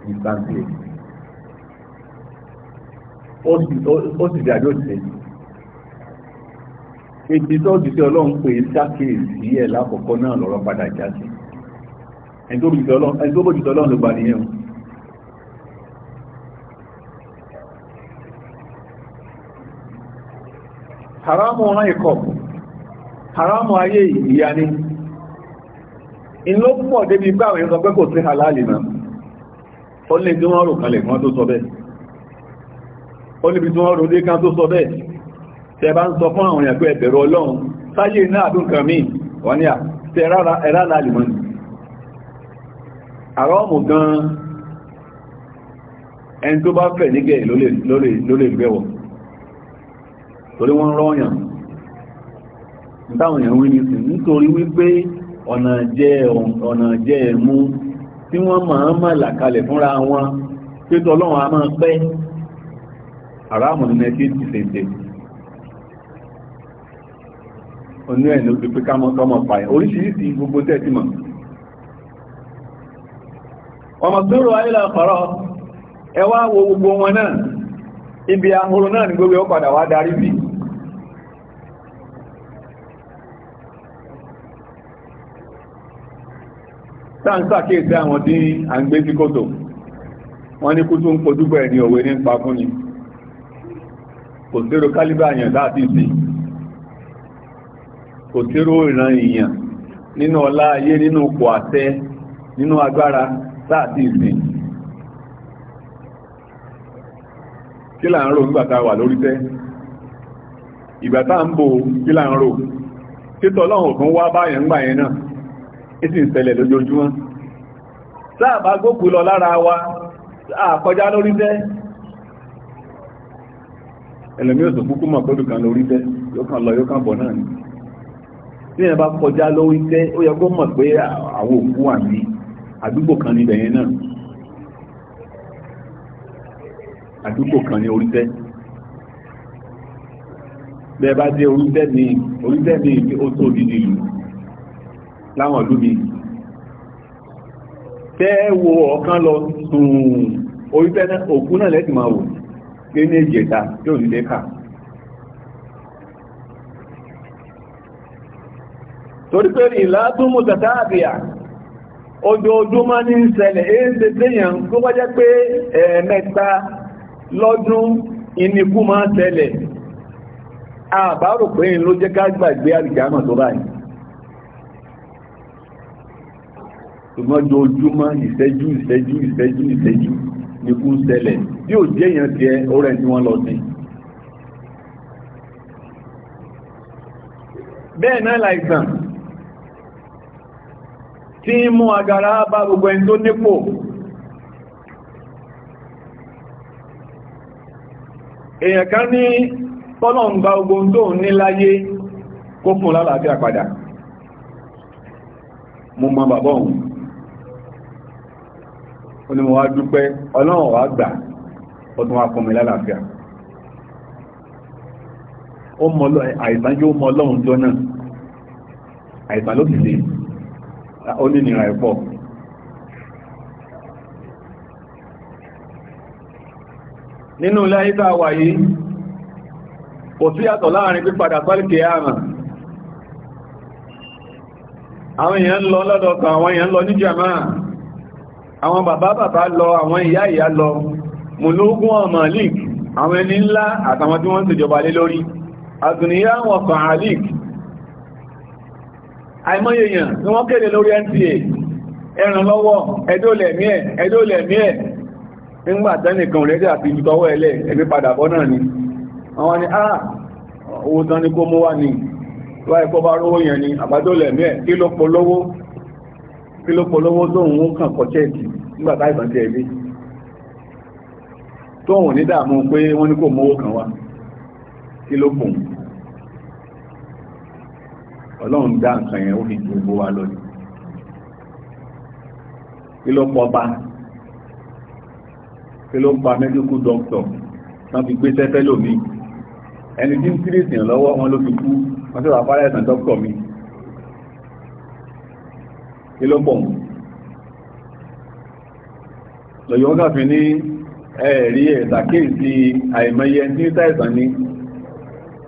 S1: ní sáńtì ètò tó ti ṣe ọlọ́run pé sákèèsí ẹ̀ lákọ̀ọ́kọ́ náà lọ́rọ̀ padà já sí ẹni tó bójútó ọlọ́run ló gbà nìyẹn o haramu ọ̀rán ikọ̀ haramu ayé ìyá ni in ló pọ̀ débi bá àwọn ẹ̀sọ pé kò sí halali náà ó lè tí wọ́n rò kalẹ̀ kan tó sọ bẹ́ẹ̀ ó níbi tí wọ́n rò dé kan tó sọ bẹ́ẹ̀ tẹ bá ń sọ fún àwọn èèyàn pé ẹ bẹ̀rù ọlọ́run sáyé iná àdúnkan míì wọ́n ní à tẹ ẹ̀rá lálìmọ́nì àrọ́ọ̀mù gan ẹni tó bá fẹ̀ nígẹ̀ ló lè gbẹ̀wọ̀ torí wọ́n rọ́ọ̀yàn táwọn èèyàn wí nìsìn nítorí wípé ọ̀nà jẹ́ ọ̀nà jẹ́ ẹ̀mú tí wọ́n máa ń làkalẹ̀ fúnra wọn pé tọ́lọ́run a máa pẹ́ àrọ́ọ̀mù ní ẹkí ti fèsì ọ̀nà ẹ̀ ló ti pé kámọ́ tọmọ pààyà si gbogbo tẹ́ ti mọ̀. ọmọ tó rọ ayé ewa ẹ wá wo gbogbo wọn náà ibi ahoro náà ni gbogbo ó wá darí bí. sáǹsà kéèsì àwọn tí à kòtò wọ́n ní kú tó ń ní òwe ní pa ni kò kálíbà láti sìn kò sírò ìran èèyàn nínú ọlá ayé nínú ipò àtẹ nínú agbára láti ìsìn kí là ń rò nígbà a wà lórí tẹ́ ń bò kí là ń rò títọ́ ọlọ́run kan wá báyẹn ń yẹn náà ìsì ń ṣẹlẹ̀ lójoojúmọ́ sáàbá gbókù lọ lára wa àkọjá lórí òsùn kúkú mọ̀ kan lórí ni tí ẹ bá kọjá lọ́wọ́ iṣẹ́ ó yẹ kó mọ̀ pé àwọn òkú wà ní àdúgbò kan níbẹ̀ yẹn náà àdúgbò kan ní oríṣẹ́ bẹ́ẹ̀ bá dé oríṣẹ́ ní oríṣẹ́ ní ó tó dídì lù láwọn ọdún mi tẹ́ wo ọ̀kan lọ sùn hmm, oríṣẹ́ òkú náà lẹ́sìn máa wò kí ní èjì ẹ̀ta yóò nílé kà torí pé ìlàtúmù tàtàbíà ojoojúmọ́ ní ìṣẹ̀lẹ̀ èéṣe tẹ́yàn tó bá jẹ́ pé ẹ̀ẹ̀mẹ́ta lọ́dún ìníkú máa tẹ́lẹ̀ àbárò pé ló jẹ́ ká gbàgbé àrìjámọ̀ tó báyìí ṣùgbọ́n ojoojúmọ́ ìṣẹ́jú ìṣẹ́jú ìṣẹ́jú ìṣẹ́jú níkú ń ṣẹlẹ̀ tí ò jẹ́ èèyàn tiẹ̀ ó bẹ́ẹ̀ náà láìsàn tí ń mú agara bá gbogbo ẹni tó nípò èèyàn kan ní tọ́lọ̀ ń gba ogun tó ń ní láyé kó fún lálàáfíà padà mo mọ bàbá òun ó ní mo wá dúpẹ́ ọlọ́run wá gbà ó tún wá lálàáfíà àìsàn yóò mọ ọlọ́run jọ náà àìsàn ló sì lè ó ní ìnira ẹ̀pọ̀ nínú ilé ayé tá a wà yìí kò sí àtọ̀ láàrin pípadà sálìkì àmà àwọn èèyàn lọ lọ́dọ̀ọ̀kan àwọn èèyàn lọ ní jàmá àwọn bàbá bàbá lọ àwọn ìyá ìyá lọ mùlógún ọmọ lík àwọn ẹni ńlá àtàwọn tí wọ́n ń ṣèjọba lé lórí àtùnìyà wọn kàn á lík àìmọye èèyàn ni wọ́n kéde lórí NTA ẹran lọ́wọ́ ẹdólẹ̀mí ẹ̀ ẹdólẹ̀mí ẹ̀ nígbà tẹ́nìkan rẹ̀dẹ̀ àti ìtọwọ́ ẹlẹ́ ẹgbé padà bọ́ náà ni àwọn ni ah owó tán ní kó mú wá ní wá ẹ̀kọ́ bá rówó yẹn ni àbádólẹ̀mí ẹ̀ kí ló polówó tóhun ó kàn ọlọ́run dá nǹkan yẹn ó fi ju gbogbo wa lọ ni kí ló pọ̀ bá kí ló pa medical doctor wọ́n fi gbé sẹ́fẹ́ lómi ẹni tí ń kiri ìsìn lọ́wọ́ wọn ló fi kú wọ́n sì wà fárẹ́ ẹ̀sán dọ́kítọ̀ mi kí ló pọ̀ mù lọ́yọ̀ wọ́n kàfin ní ẹ̀ẹ̀rí ẹ̀sàkéèsì àìmọye ẹni tí ń ṣàìsàn ni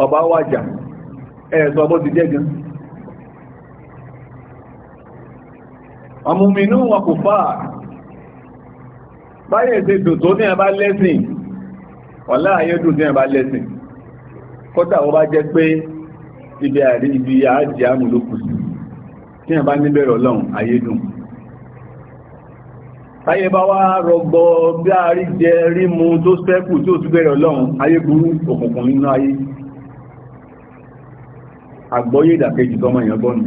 S1: ọba wàjà ẹ̀ẹ̀sọ bó ti jẹ́ gan ọmọmìnú wọn kò fà báyẹ̀ ti dùn tó ní ẹbá lẹ́sìn ọ̀lá ayé dùn ní ẹbá lẹ́sìn kọ́tà wọ́n bá jẹ́ pé ibi àrí ibi àájì àmúlòkù tí ẹbá níbẹ̀rẹ̀ ọlọ́run ayé dùn ayé bá wá rọgbọ bí àrí jẹ rímu tó sẹ́kù tí ó túbẹ̀rẹ̀ ọlọ́run ayé burú òkùnkùn nínú ayé àgbọ́yé ìdàkejì tọ́mọ èèyàn gbọ́nù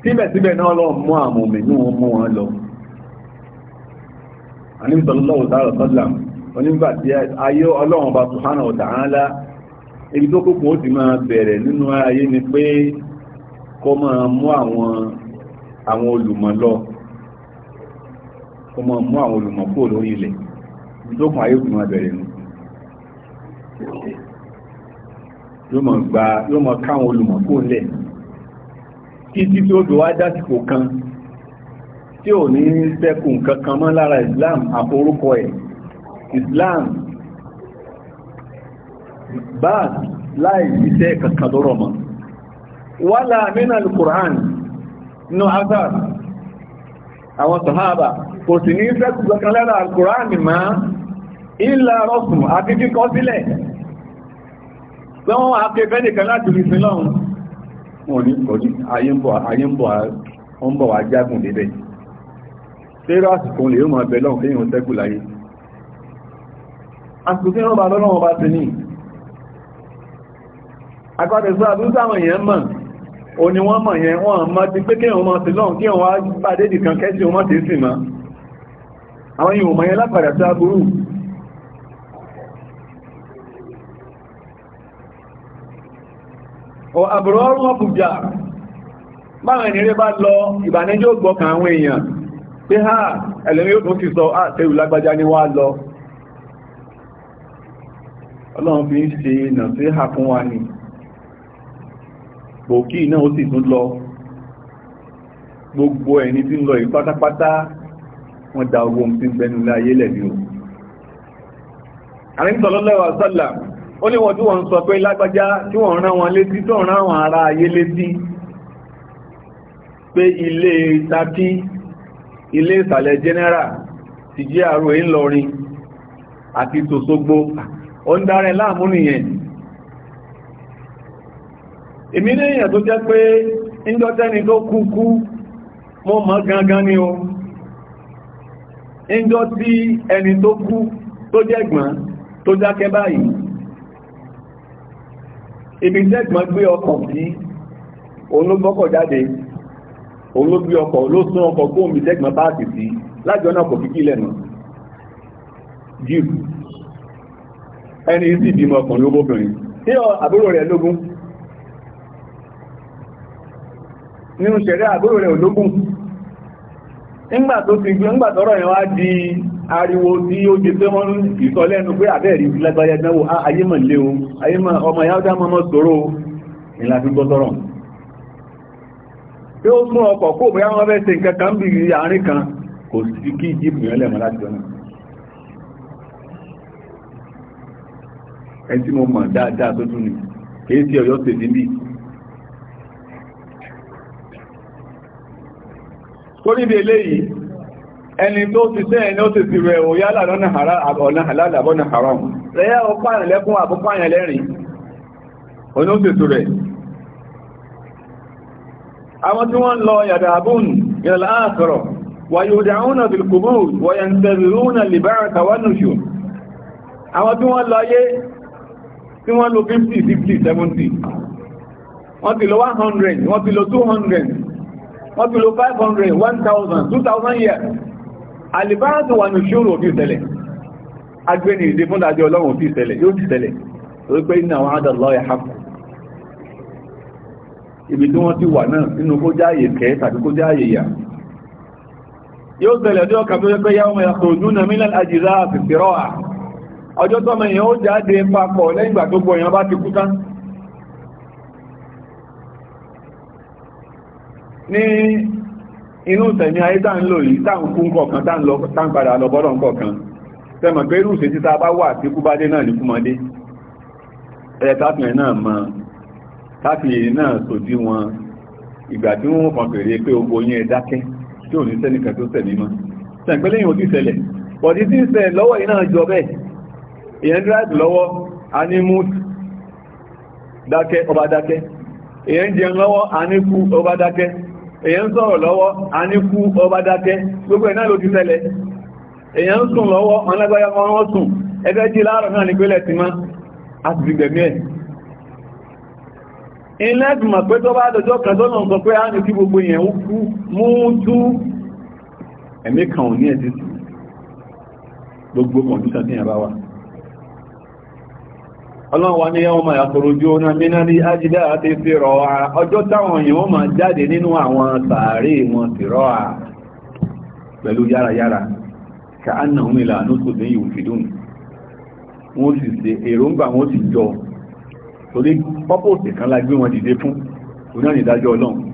S1: síbẹ̀síbẹ̀ náà lọ mú àwọn òmìn ní wọn mú wọn lọ àníbìsọ̀lọ́wọ́ sáàrọ̀ sọ́dàm onígbà tí ayé ọlọ́run bá tùhánà ọ̀tà ánlá ibi tó kókùn ó ti máa bẹ̀rẹ̀ nínú ayé ni pé kó máa mú àwọn àwọn olùmọ̀ lọ kó máa mú àwọn olùmọ̀ kúrò lórí ilẹ̀ ibi tó kùn ayé kùn máa bẹ̀rẹ̀ nù yóò mọ̀ gba yóò mọ̀ káwọn olùmọ̀ kó lẹ̀ títí tí ó dò wá dásìkò kan tí ò ní sẹ́kù nǹkan mọ́ lára Islam àforúkọ ẹ̀ Islam báàs láì iṣẹ́ kankan tó rọ̀ mọ́ wala min al-Qur'an nínú azar àwọn sàhábà kò sì ní sẹ́kù kankan lára al-Qur'an máa ìlà rọ́sùn àti kíkọ sílẹ̀ wọ́n wá pé bẹ́ẹ̀ nìkan láti rí sí lọ́run wọn ní kọjú ayé ń bọ̀ wá jágùn débẹ̀ tẹ́rọ àsìkò lè yóò máa bẹ̀ lọ́run kéèyàn tẹ́kù láyé àsìkò tí wọ́n bá lọ́lọ́wọ́ bá ti ní agbádẹ̀sọ àdúgbò àwọn èèyàn mọ̀ o ni wọ́n mọ̀ yẹn wọ́n mọ́ ti pé kéèyàn máa sí lọ́run kéèyàn wá pàdé nìkan kẹ́sì wọn ti sì mọ́ àwọn èèyàn mọ̀ yẹn lápàdà sí aburú àbúrò ọrùn ọ̀pùjà báwọn ènìyàn bá lọ ìbànújẹ́ gbọ́kàn àwọn èèyàn pé ha ẹ̀lẹ́mí ó tún ti sọ àtẹ́rù ah, lágbájá ní wá lọ ọlọ́run fi ń ṣe ìnà sí ha fún wa ní bòkí náà ó sì tún lọ gbogbo ẹni tí ń lọ yìí pátápátá wọ́n da owó ń fi bẹnu láyé lẹ́bí o àrísọ̀lọ́lọ́wà sálàmù ó ní wọn tí wọ́n sọ pé lágbájá tí wọ́n rán wọn létí tó rán wọn ará ayé létí pé ilé tàbí ilé ìsàlẹ̀ general ti jẹ́ àrò ìlọrin àti tòṣogbo ó ń darẹ̀ láàmú nìyẹn èmi ní èèyàn tó jẹ́ pé ìjọ́tẹ́ni tó kúkú mo mọ̀ gangan ni o ìjọ́ tí ẹni tó kú tó jẹ́gbọ́n tó dákẹ́ báyìí ibi tẹ́gbọ́n gbé ọkọ̀ sí òun ló gbọ́kọ̀ jáde òun ló gbé ọkọ̀ ló sún ọkọ̀ gómi tẹ́gbọ́n páàkì sí lájọ náà kò fíkí lẹ́nu jíìpù ẹni sì bímọ ọkùnrin lóbóbìnrin tí àbúrò rẹ̀ lógún nínú ṣẹ̀rẹ́ àbúrò rẹ̀ ológún nígbà tó ti gbé nígbà tọ́rọ̀ yẹn wá di ariwo tí ó jẹ pé wọ́n ìsọ lẹ́nu pé àbẹ́ẹ̀rí lágbàáyé náwó ah, ayé mọ̀ lé o ayé mọ̀ ọmọ ìyá ọjà mọ́ sọ̀rọ̀ ìlà fi gbọ́sọ̀rọ̀ pé ó sún ọkọ̀ kó bóyá wọ́n fẹ́ ṣe nǹkan kan bí àárín kan kò sí kí jíìpù yẹn lẹ́mọ̀ láti jọ náà ẹni tí mo mọ̀ dáadáa tó tún ni kìí sí ọ̀yọ́ tè níbí torí bí eléyìí ẹni tó ti tẹ́ ẹni ó ti ti rẹ̀ ò yálà lọ́nà àlàbọ́nà haram rẹ̀yà ó pààyàn lẹ́kún àbúpààyàn lẹ́rìn oní ó ti tu rẹ̀ àwọn tí wọ́n lọ yàdàbùn ìrẹ̀lá àkọrọ̀ wàyòdàúnà bilkubú wàyàntẹ̀rìrúnà libára tàwánùṣù àwọn tí 50 70 wọ́n ti 100 wọ́n ti 200 wọ́n ti 500 1000 2000 years alìbáàtù wà ní ṣòro òfin ìṣẹ̀lẹ̀ agbéni ìdí fún dájọ́ ọlọ́run òfin ìṣẹ̀lẹ̀ yóò ti ṣẹlẹ̀ torí pé ní àwọn adàlọ́ ẹ̀ hapù ibi tí wọ́n ti wà náà nínú kó jáàyè kẹ́ tàbí kó jáàyè yà yóò ṣẹlẹ̀ ọjọ́ kan tó jẹ́ yáwọn ẹ̀yà tó inú tẹ̀mí ayé tá ń lò yìí tá ń kú kọ̀ọ̀kan tá ń padà lọ bọ́dọ̀ kọ̀ọ̀kan tẹmọ̀ pé irú ìṣẹ́ títa bá wà tí kú bá dé náà ní kúmọdé ẹ̀ tápìnrin náà mọ tápìnrin náà sòdí wọn ìgbà tí wọ́n kàn fèrè pé ogun yẹn dákẹ́ tí ò ní sẹ́nìkan tó tẹ̀mí mọ́ tẹ̀pẹ́lẹ́ yìí ò ti ṣẹlẹ̀ pọ̀dí tí ń ṣẹ lọ́wọ́ yìí náà jọ bẹ́ẹ̀ èèyàn dráìbì lọ́wọ́ animu dákẹ́ ọba dákẹ́ èèyàn jẹun lọ́wọ́ aníkú ọba dákẹ́ èyàn ń sọ̀rọ̀ lọ́wọ́ a ní kú ọba dákẹ́ gbogbo ẹ̀nà ló ti ṣẹlẹ̀ èyàn ń sùn lọ́wọ́ ọlágbáyà kan wọ́n sùn ẹgbẹ́ jí láàrọ̀ náà ní pẹ́lẹ̀ ti má a ti gbẹ̀mí ẹ̀ iná ìgbìmọ̀ pé tó bá dọjọ́ kan ọlọ́run ní yẹ́ wọ́n máa ojú ọ̀nà mínà ní ajídá àti ọjọ́ táwọn èèyàn wọ́n máa jáde nínú àwọn sàárè wọn fìrọ̀ ọ̀há pẹ̀lú yárayára ká Ka òun ìlà ànúsò ní ìwò fìdún sì ṣe èròǹgbà sì jọ torí kan la gbé wọn dìde fún oná ìdájọ́ ọlọ́run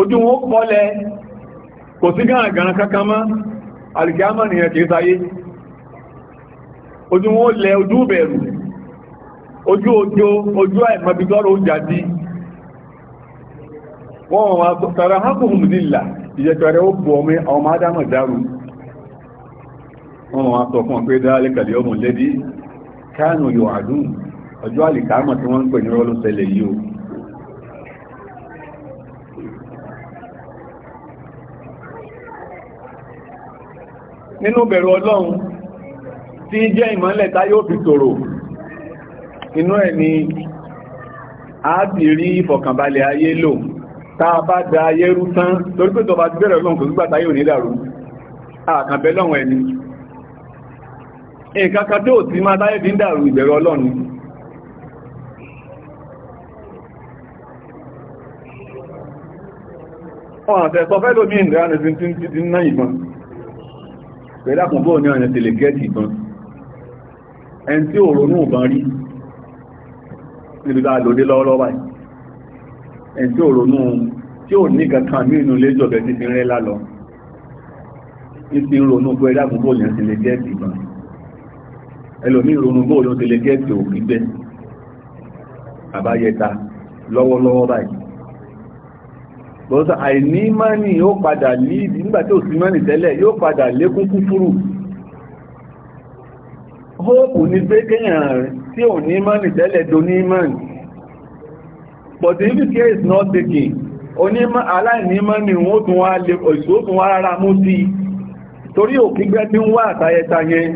S1: ojú wọn kọ́lẹ̀ kò sí gánàgánà kankan mọ́ àmọ́ nìyẹn ojú wọn lẹ ojú oju ojú ojo ojú àìmọ̀bí tọ́rọ oúnjẹ di. Wọn wọ́n wá tọ́rọ nílà ìjẹtọrẹ ó bù ọmọ ọmọ adámọ̀ dárú wọ́n wá sọ fún ọpẹ́ dáálẹ́ kàlẹ̀ ọmọ lẹ́dí káànù yóò àdún ọjọ́ àlìkámọ̀ tí wọ́n ń pè ní rọ́lù ṣẹlẹ̀ yìí o nínú bẹ̀rù ọlọ́run tí jẹ́ ìmọ́lẹ̀ tá yóò fi tòrò inú ẹ̀ ni a ti rí ìfọ̀kànbalẹ̀ ayé lò tá a bá da ayé rú tán torí pé tọba ti bẹ̀rẹ̀ lọ́nkù nígbà táyé òní dàrú àkànbẹ́ lọ́wọ́ ẹni nǹkan kan tó ti máa táyé fi ń dàrú ìbẹ̀rù ọlọ́run ọ̀nà tẹ̀sọ fẹ́ lómi ìrìnlẹ́rìn tí ń náà ìbọn pẹ̀lú àkùnbọ̀ ní ọ̀nà tẹ̀lẹ̀ gẹ́ẹ̀tì ìbọn ẹni tí òrónú ìbọn rí níbi bá lòdé lọ́wọ́lọ́wọ́ báyìí ẹni tí òrónú tí ò ní kankan mí inú ilé jọ̀bẹ̀ ti fi rẹ́ lálọ ní ti ń ronú pé ẹ̀dá gbogbo yẹn ti lè gẹ́ẹ̀tì ìbọn ẹlòmíì ronú bóòlù ti lè gẹ́ẹ̀tì òkú bẹ́ẹ̀ àbáyẹta lọ́wọ́lọ́wọ́ báyìí bọ́sà àìní mọ́nì yóò padà líìdì nígbà tí ò sí mọ́nì tẹ́lẹ̀ yóò padà lékún kúfúrú hope ni pé kéèyàn tí ò ní mọ́nì tẹ́lẹ̀ do ní mọ́nì but if the care is not taken onímọ̀ aláìnímọ́nì wọ́n tún wá lè òṣìṣẹ́ tún wá rárá mú sí torí òkígbẹ́ tí ń wá àtayẹta yẹn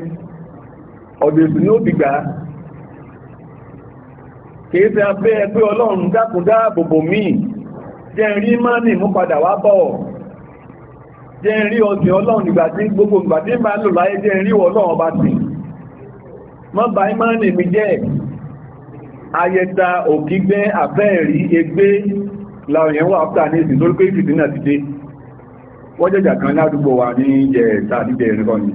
S1: ni ó ti gbà kìí ṣe abẹ́ ẹgbẹ́ ọlọ́run dákúndá tí gbogbo ìgbà tí ń bá lò láyé jẹ́ rí ọlọ́run má bà ìmánì mi jẹ́ ayẹta òkígbẹ́ àfẹ́ẹ̀rí egbé láwọn yẹn wà áfíà ní lórí pé ìfìdínà ti dé wọ́n jẹ́jà kan ládùúgbò wa ní jẹ̀ẹ̀ta àti jẹ̀ẹ̀rin ni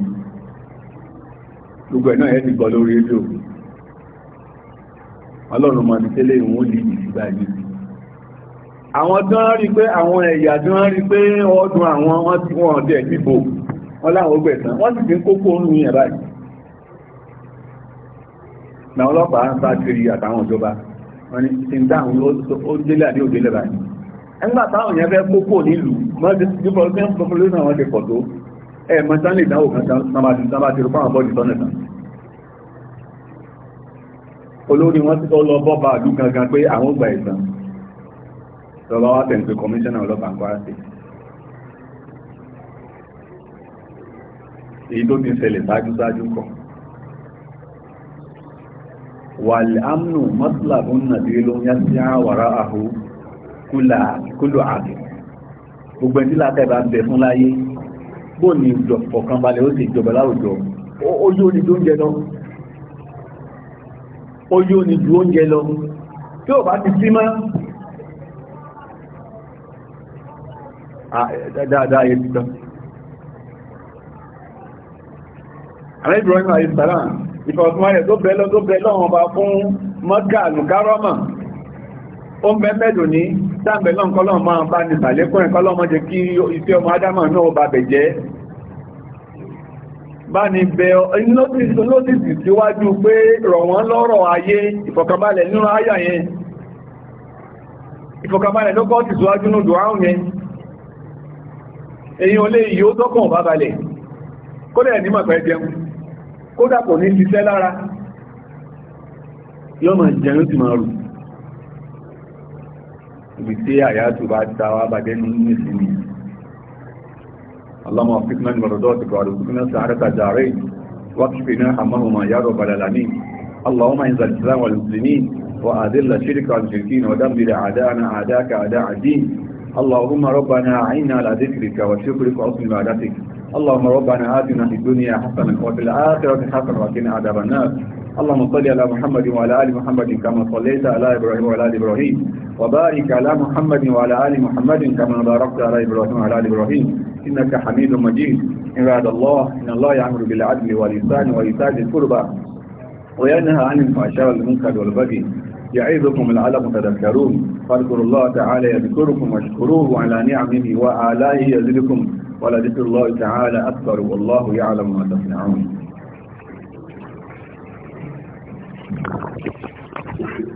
S1: gbogbo ẹ̀ náà ẹ̀ ti gbọ́ lórí rédíò ọlọ́run mọ̀ ní tẹ́lẹ̀ ìwọ̀n lè yìí sígbà yìí àwọn tí wọ́n rí pé àwọn ẹ̀yà tí wọ́n rí pé ọdún àwọn wọ́n ti wọ́n dẹ̀ dìbò wọ́n láwọn ogbẹ̀ tán sì ti ń kókó oorun yẹn báyìí na ọlọ́pàá ń bá kiri àtàwọn ìjọba wọ́n ní ti ń dáhùn ó délé àdé òdélé báyìí ẹgbà táwọn yẹn fẹ́ kókó nílùú mọ́tí jùpọ̀ tí wọ́n fọ́n lónà wọn ti pọ̀ tó ẹ mọ́tá lè dáwò kan sábà ti rúpa àwọn bọ́ọ̀dì tọ́nà kan olórí wọn ti tọ́ lọ bọ́ba àdú gangan pé àwọn gba èyí tó ti ṣẹlẹ̀ ṣáájú ṣáájú kan wàlámù mọ́tìlàbù nàbí ló ń yá sí àwàrá àhó kúlò àbẹ̀ gbogbo ẹni tí látẹ̀ bá bẹ̀ fún láyé bó ni ọ̀kan balẹ̀ ó sì jọba láwùjọ ó yóò ní ju oúnjẹ lọ ó yóò ní ju oúnjẹ lọ tí ò bá ti sí mọ́ dáadáa yẹ ti tán. Àwọn Ibrahim Alayhi Salaam ìfọ̀sùnmọ́rẹ̀ tó bẹ̀lọ́ tó bẹ̀lọ́ wọn bá fún mọ́kà lùkárọ́mà ó ń bẹ́mẹ́dò ní sáàbẹ̀lọ́ kọ́lọ́ máa bá ní sàlékún ẹ̀kọ́lọ́ mọ́ jẹ́ kí iṣẹ́ ọmọ adámà náà bá bẹ̀ jẹ́ bá ní bẹ inúlótìsì síwájú pé rọ̀ wọ́n lọ́rọ̀ ayé ìfọ̀kànbalẹ̀ nínú àyà yẹn ìfọ̀kànbalẹ̀ ló kọ́ ti síwájú nù dùn áhùn yẹn èyí olè yìí ó tọ́kàn bá balẹ̀ kó dẹ̀ nímọ̀ pẹ́ jẹun kódà kò ní ṣiṣẹ́ lára yọ́ mọ̀ jẹun ti máa rù ibi tí àyà tó bá ta wá bá dẹ́nu ní ìsinmi اللهم وفقنا لمرضاتك وارزقنا سعادة دارين واكفنا همهما يا رب العالمين اللهم انزل الاسلام والمسلمين واذل الشرك والمشركين ودمر اعداءنا اعداءك اعداء الدين اللهم ربنا اعنا على ذكرك وشكرك وحسن عبادتك اللهم ربنا آتنا في الدنيا حسنة وفي الآخرة حسنة وقنا عذاب النار اللهم صل على محمد وعلى آل محمد كما صليت على إبراهيم وعلى آل إبراهيم وبارك على محمد وعلى آل محمد كما باركت على إبراهيم وعلى آل إبراهيم إنك حميد مجيد عباد الله إن الله يأمر بالعدل والإحسان وإيتاء ذي القربى وينهى عن الفحشاء والمنكر والبغي يعظكم لعلكم تذكرون فاذكروا الله تعالى يذكركم واشكروه على نعمه وآلائه يزدكم ولذكر الله تعالى أكبر والله يعلم ما تصنعون